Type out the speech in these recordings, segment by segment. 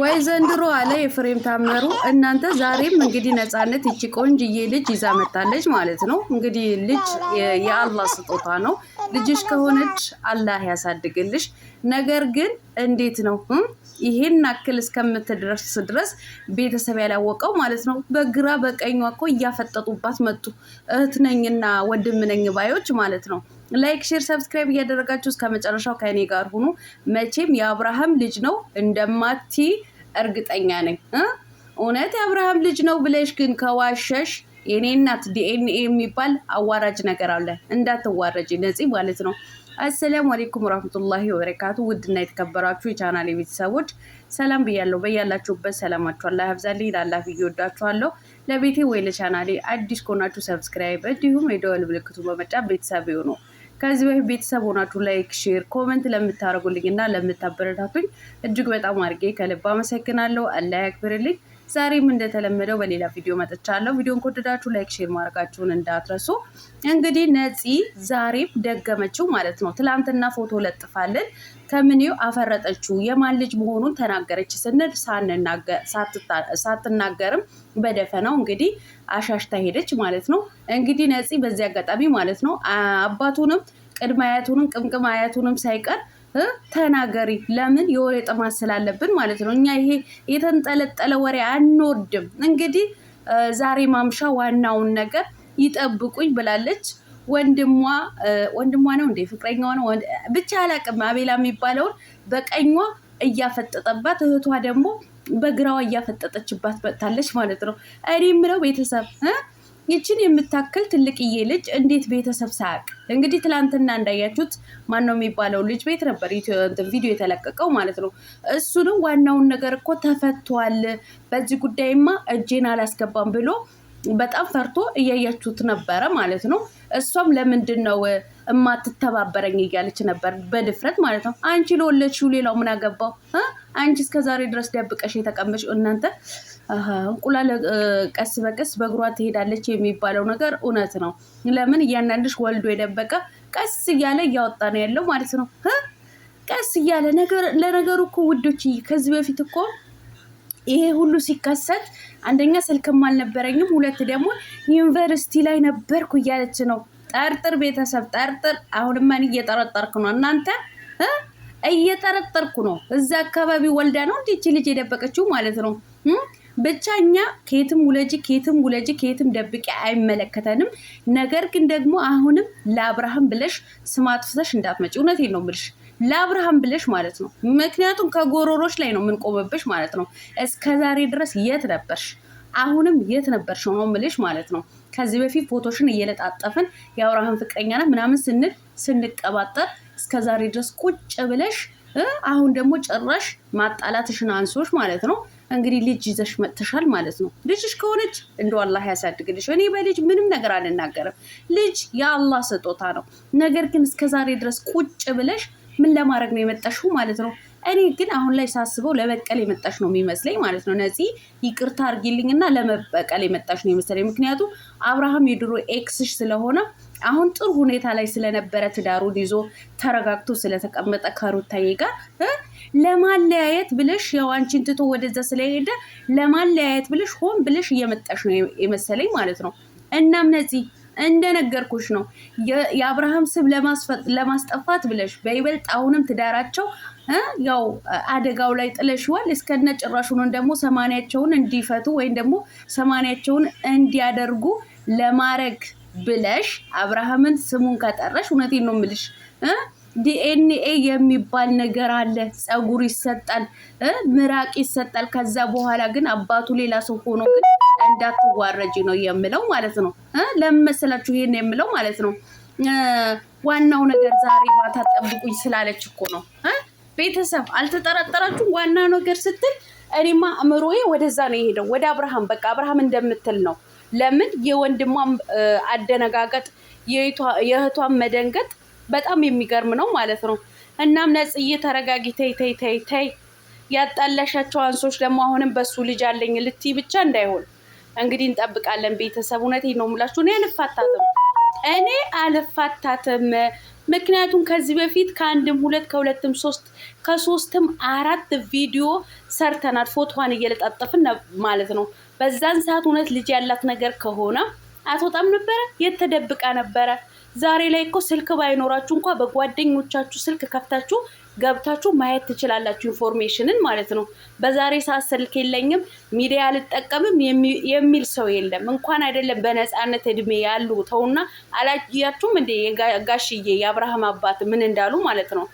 ወይ ዘንድሮ አለ የፍሬም ታምሩ። እናንተ ዛሬም እንግዲህ ነፃነት እቺ ቆንጅዬ ልጅ ይዛ መጣለች ማለት ነው። እንግዲህ ልጅ የአላህ ስጦታ ነው። ልጅሽ ከሆነች አላህ ያሳድግልሽ። ነገር ግን እንዴት ነው ይሄን አክል እስከምትደርስ ድረስ ቤተሰብ ያላወቀው ማለት ነው። በግራ በቀኟ እኮ እያፈጠጡባት መጡ። እህትነኝና ነኝ ባዮች ማለት ነው። ላይክ፣ ሼር፣ ሰብስክራይብ እያደረጋችሁ እስከ መጨረሻው ከእኔ ጋር ሁኑ። መቼም የአብርሃም ልጅ ነው እንደማቲ እርግጠኛ ነኝ። እውነት የአብርሃም ልጅ ነው ብለሽ ግን ከዋሸሽ የኔ እናት ዲኤንኤ የሚባል አዋራጅ ነገር አለ። እንዳትዋረጅ ነፂ ማለት ነው። አሰላሙ አሌይኩም ወራህመቱላሂ ወበረካቱ። ውድና የተከበራችሁ የቻናል ቤተሰቦች ሰላም ብያለሁ። በያላችሁበት ሰላማችሁ አላህ ያብዛልኝ። ላላፍ እየወዳችኋለሁ። ለቤቴ ወይ ለቻናሌ አዲስ ከሆናችሁ ሰብስክራይብ፣ እንዲሁም የደወል ምልክቱን በመጫን ቤተሰብ ይሁኑ። ከዚህ በፊት ቤተሰብ ሆናችሁ ላይክ፣ ሼር፣ ኮመንት ለምታደርጉልኝ እና ለምታበረታቱኝ እጅግ በጣም አድርጌ ከልብ አመሰግናለሁ። አላህ ያክብርልኝ። ዛሬም እንደተለመደው በሌላ ቪዲዮ መጥቻለሁ። ቪዲዮን ከወደዳችሁ ላይክ፣ ሼር ማድረጋችሁን እንዳትረሱ። እንግዲህ ነፂ ዛሬም ደገመችው ማለት ነው። ትላንትና ፎቶ ለጥፋለን ከምኔው አፈረጠችው የማን ልጅ መሆኑን ተናገረች ስንል ሳትናገርም በደፈናው እንግዲህ አሻሽታ ሄደች ማለት ነው። እንግዲህ ነፂ በዚህ አጋጣሚ ማለት ነው አባቱንም ቅድመ አያቱንም ቅምቅም አያቱንም ሳይቀር ተናገሪ። ለምን የወሬ ጥማት ስላለብን ማለት ነው። እኛ ይሄ የተንጠለጠለ ወሬ አንወድም። እንግዲህ ዛሬ ማምሻ ዋናውን ነገር ይጠብቁኝ ብላለች። ወንድሟ ወንድሟ ነው እንደ ፍቅረኛ ነው ብቻ አላቅም። አቤላ የሚባለውን በቀኟ እያፈጠጠባት እህቷ ደግሞ በግራዋ እያፈጠጠችባት መጥታለች ማለት ነው። እኔ የምለው ቤተሰብ ይችን የምታክል ትልቅዬ ልጅ እንዴት ቤተሰብ ሳያቅ? እንግዲህ ትላንትና እንዳያችሁት ማን ነው የሚባለው ልጅ ቤት ነበር ቪዲዮ የተለቀቀው ማለት ነው። እሱንም ዋናውን ነገር እኮ ተፈቷል፣ በዚህ ጉዳይማ እጄን አላስገባም ብሎ በጣም ፈርቶ እያያችሁት ነበረ ማለት ነው። እሷም ለምንድን ነው እማትተባበረኝ እያለች ነበር በድፍረት ማለት ነው። አንቺ ለወለድሽው ሌላው ምን አገባው? አንቺ እስከዛሬ ድረስ ደብቀሽ የተቀመጥሽ እናንተ እንቁላል ቀስ በቀስ በእግሯ ትሄዳለች የሚባለው ነገር እውነት ነው። ለምን እያንዳንድሽ ወልዶ የደበቀ ቀስ እያለ እያወጣ ነው ያለው ማለት ነው። ቀስ እያለ ለነገሩ እኮ ውዶች፣ ከዚህ በፊት እኮ ይሄ ሁሉ ሲከሰት አንደኛ ስልክም አልነበረኝም፣ ሁለት ደግሞ ዩኒቨርሲቲ ላይ ነበርኩ እያለች ነው። ጠርጥር ቤተሰብ ጠርጥር። አሁንማ እኔ እየጠረጠርኩ ነው እናንተ እየጠረጠርኩ ነው። እዛ አካባቢ ወልዳ ነው እንዲች ልጅ የደበቀችው ማለት ነው። ብቻ እኛ ከየትም ውለጅ ከየትም ውለጅ ከየትም ደብቄ አይመለከተንም። ነገር ግን ደግሞ አሁንም ለአብርሃም ብለሽ ስም አጥፍተሽ እንዳትመጪ። እውነቴን ነው የምልሽ ለአብርሃም ብለሽ ማለት ነው። ምክንያቱም ከጎሮሮች ላይ ነው የምንቆምብሽ ማለት ነው። እስከ ዛሬ ድረስ የት ነበርሽ? አሁንም የት ነበርሽ ነው የምልሽ ማለት ነው። ከዚህ በፊት ፎቶሽን እየለጣጠፍን የአብርሃም ፍቅረኛ ናት ምናምን ስንል ስንቀባጠር እስከ ዛሬ ድረስ ቁጭ ብለሽ አሁን ደግሞ ጭራሽ ማጣላትሽን አንሶች ማለት ነው እንግዲህ ልጅ ይዘሽ መጥተሻል ማለት ነው። ልጅሽ ከሆነች እንደ አላህ ያሳድግልሽ። እኔ በልጅ ምንም ነገር አልናገርም። ልጅ የአላህ ስጦታ ነው። ነገር ግን እስከዛሬ ድረስ ቁጭ ብለሽ ምን ለማድረግ ነው የመጣሽው ማለት ነው። እኔ ግን አሁን ላይ ሳስበው ለበቀል የመጣሽ ነው የሚመስለኝ ማለት ነው። ነፂ ይቅርታ እና ለመበቀል የመጣሽ ነው የሚመስለኝ። ምክንያቱም አብርሃም የድሮ ኤክስሽ ስለሆነ አሁን ጥሩ ሁኔታ ላይ ስለነበረ ትዳሩን ይዞ ተረጋግቶ ስለተቀመጠ ከሩታዬ ጋር ለማለያየት ብለሽ ያው አንቺን ትቶ ወደዛ ስለሄደ ለማለያየት ብለሽ ሆን ብለሽ እየመጣሽ ነው የመሰለኝ ማለት ነው። እናም ነዚህ እንደነገርኩሽ ነው የአብርሃም ስም ለማስጠፋት ብለሽ በይበልጥ አሁንም ትዳራቸው ያው አደጋው ላይ ጥለሽዋል። እስከነ ጭራሹን ደግሞ ሰማንያቸውን እንዲፈቱ ወይም ደግሞ ሰማንያቸውን እንዲያደርጉ ለማድረግ ብለሽ አብርሃምን ስሙን ከጠረሽ እውነቴን ነው የምልሽ ዲኤንኤ የሚባል ነገር አለ። ፀጉር ይሰጣል፣ ምራቅ ይሰጣል። ከዛ በኋላ ግን አባቱ ሌላ ሰው ሆኖ ግን እንዳትዋረጅ ነው የምለው ማለት ነው። ለምን መሰላችሁ ይሄን የምለው ማለት ነው? ዋናው ነገር ዛሬ ማታ ጠብቁኝ ስላለች እኮ ነው። ቤተሰብ አልተጠራጠራችሁም? ዋና ነገር ስትል እኔማ አእምሮዬ ወደዛ ነው የሄደው፣ ወደ አብርሃም በቃ አብርሃም እንደምትል ነው። ለምን የወንድሟም አደነጋገጥ የእህቷን መደንገጥ በጣም የሚገርም ነው ማለት ነው። እናም ነጽዬ ተረጋጊ፣ ተይ ተይ ተይ ተይ። ያጣላሻቸው አንሶች ደግሞ አሁንም በሱ ልጅ አለኝ ልትይ ብቻ እንዳይሆን እንግዲህ እንጠብቃለን። ቤተሰብ እውነቴን ነው የምላችሁ፣ እኔ አልፋታትም፣ እኔ አልፋታትም። ምክንያቱም ከዚህ በፊት ከአንድም ሁለት ከሁለትም ሶስት ከሶስትም አራት ቪዲዮ ሰርተናል፣ ፎቶዋን እየለጣጠፍን ማለት ነው። በዛን ሰዓት እውነት ልጅ ያላት ነገር ከሆነ አትወጣም ነበረ፣ የተደብቃ ነበረ ዛሬ ላይ እኮ ስልክ ባይኖራችሁ እንኳ በጓደኞቻችሁ ስልክ ከፍታችሁ ገብታችሁ ማየት ትችላላችሁ፣ ኢንፎርሜሽንን ማለት ነው። በዛሬ ሰዓት ስልክ የለኝም ሚዲያ አልጠቀምም የሚል ሰው የለም። እንኳን አይደለም በነፃነት እድሜ ያሉ ተውና፣ አላያችሁም እንዴ ጋሽዬ የአብርሃም አባት ምን እንዳሉ ማለት ነው።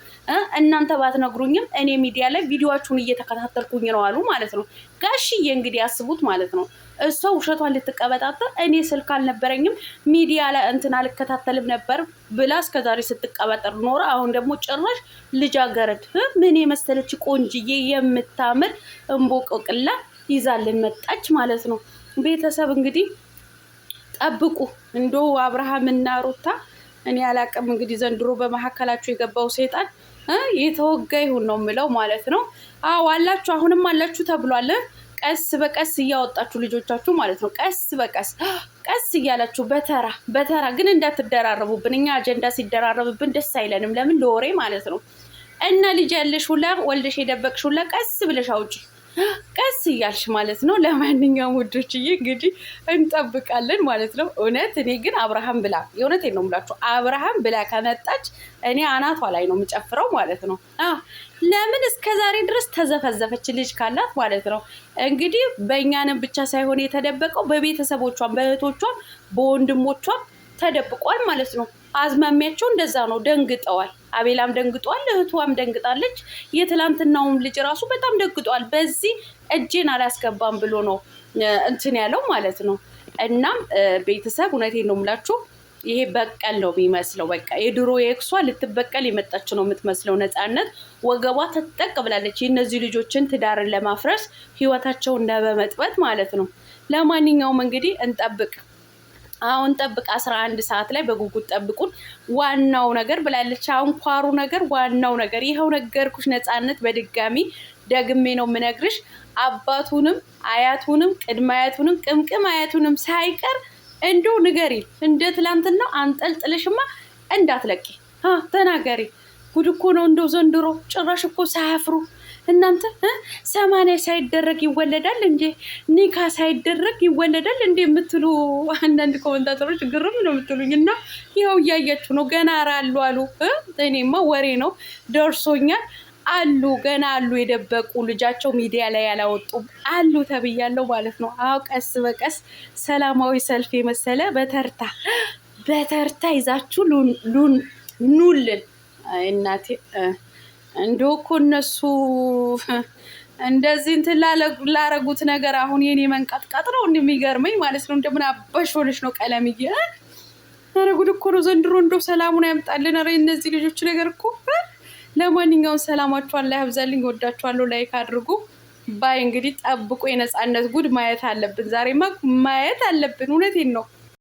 እናንተ ባትነግሩኝም እኔ ሚዲያ ላይ ቪዲዮችሁን እየተከታተልኩኝ ነው አሉ ማለት ነው። ጋሽዬ እንግዲህ አስቡት ማለት ነው። እሷ ውሸቷን ልትቀበጣጠር እኔ ስልክ አልነበረኝም ሚዲያ ላይ እንትን አልከታተልም ነበር ብላ እስከዛሬ ስትቀባጠር ኖረ። አሁን ደግሞ ጭራሽ ልጃገረድ ምን የመሰለች ቆንጅዬ የምታምር እንቦቆቅላ ይዛልን መጣች ማለት ነው። ቤተሰብ እንግዲህ ጠብቁ። እንዶ አብርሃም እና ሩታ እኔ አላቅም እንግዲህ ዘንድሮ በመካከላችሁ የገባው ሴጣን የተወጋ ይሁን ነው የምለው ማለት ነው። አዎ አላችሁ፣ አሁንም አላችሁ ተብሏል። ቀስ በቀስ እያወጣችሁ ልጆቻችሁ ማለት ነው። ቀስ በቀስ ቀስ እያላችሁ በተራ በተራ ግን እንዳትደራረቡብን። እኛ አጀንዳ ሲደራረብብን ደስ አይለንም። ለምን ለወሬ ማለት ነው። እና ልጅ ያለሽ ሁላ ወልደሽ የደበቅሽ ሁላ ቀስ ብለሽ አውጪ። ቀስ እያልሽ ማለት ነው። ለማንኛውም ውዶችዬ እንግዲህ እንጠብቃለን ማለት ነው። እውነት እኔ ግን አብርሃም ብላ የእውነት ነው የምላችሁ አብርሃም ብላ ከመጣች እኔ አናቷ ላይ ነው የምጨፍረው ማለት ነው። ለምን እስከ ዛሬ ድረስ ተዘፈዘፈች ልጅ ካላት ማለት ነው። እንግዲህ በእኛንም ብቻ ሳይሆን የተደበቀው በቤተሰቦቿም፣ በእህቶቿም፣ በወንድሞቿም ተደብቋል ማለት ነው። አዝማሚያቸው እንደዛ ነው። ደንግጠዋል። አቤላም ደንግጧል፣ እህቷም ደንግጣለች። የትላንትናውም ልጅ ራሱ በጣም ደንግጧል። በዚህ እጄን አላስገባም ብሎ ነው እንትን ያለው ማለት ነው። እናም ቤተሰብ እውነቴን ነው የምላችሁ ይሄ በቀል ነው የሚመስለው። በቃ የድሮ የክሷ ልትበቀል የመጣች ነው የምትመስለው። ነፃነት ወገቧ ተጠቅ ብላለች። የእነዚህ ልጆችን ትዳርን ለማፍረስ ህይወታቸውን ለመመጥበት ማለት ነው። ለማንኛውም እንግዲህ እንጠብቅ። አሁን ጠብቅ፣ አስራ አንድ ሰዓት ላይ በጉጉት ጠብቁን። ዋናው ነገር ብላለች። አሁን ኳሩ ነገር ዋናው ነገር ይኸው ነገርኩሽ። ነፃነት በድጋሚ ደግሜ ነው የምነግርሽ። አባቱንም አያቱንም ቅድመ አያቱንም ቅምቅም አያቱንም ሳይቀር እንዶ ንገሪ። እንደ ትላንትና አንጠልጥልሽማ እንዳትለቂ ተናገሪ። ጉድ እኮ ነው እንደው ዘንድሮ ጭራሽ እኮ ሳያፍሩ እናንተ ሰማንያ ሳይደረግ ይወለዳል እንዴ? ኒካ ሳይደረግ ይወለዳል እንዴ የምትሉ አንዳንድ ኮመንታተሮች ግርም ነው የምትሉኝ። እና ይኸው እያያችሁ ነው። ገና አሉ አሉ። እኔማ ወሬ ነው ደርሶኛል አሉ ገና አሉ። የደበቁ ልጃቸው ሚዲያ ላይ ያላወጡም አሉ ተብያለው ማለት ነው። አዎ ቀስ በቀስ ሰላማዊ ሰልፍ የመሰለ በተርታ በተርታ ይዛችሁ ሉን ኑልን እናቴ እንዶ እኮ እነሱ እንደዚህ እንትን ላረጉት ነገር አሁን የኔ መንቀጥቀጥ ነው እንደሚገርመኝ ማለት ነው። እንደምን አባሽ ሆነች ነው ቀለምዬ ያረጉት እኮ ነው ዘንድሮ። እንዶ ሰላሙን ያምጣልን። ኧረ እነዚህ ልጆች ነገር እኮ ለማንኛውም ሰላማችኋን ላይ ያብዛልኝ። ወዳችኋለሁ። ላይክ አድርጉ። ባይ እንግዲህ ጠብቆ የነፃነት ጉድ ማየት አለብን። ዛሬማ ማየት አለብን። እውነቴን ነው።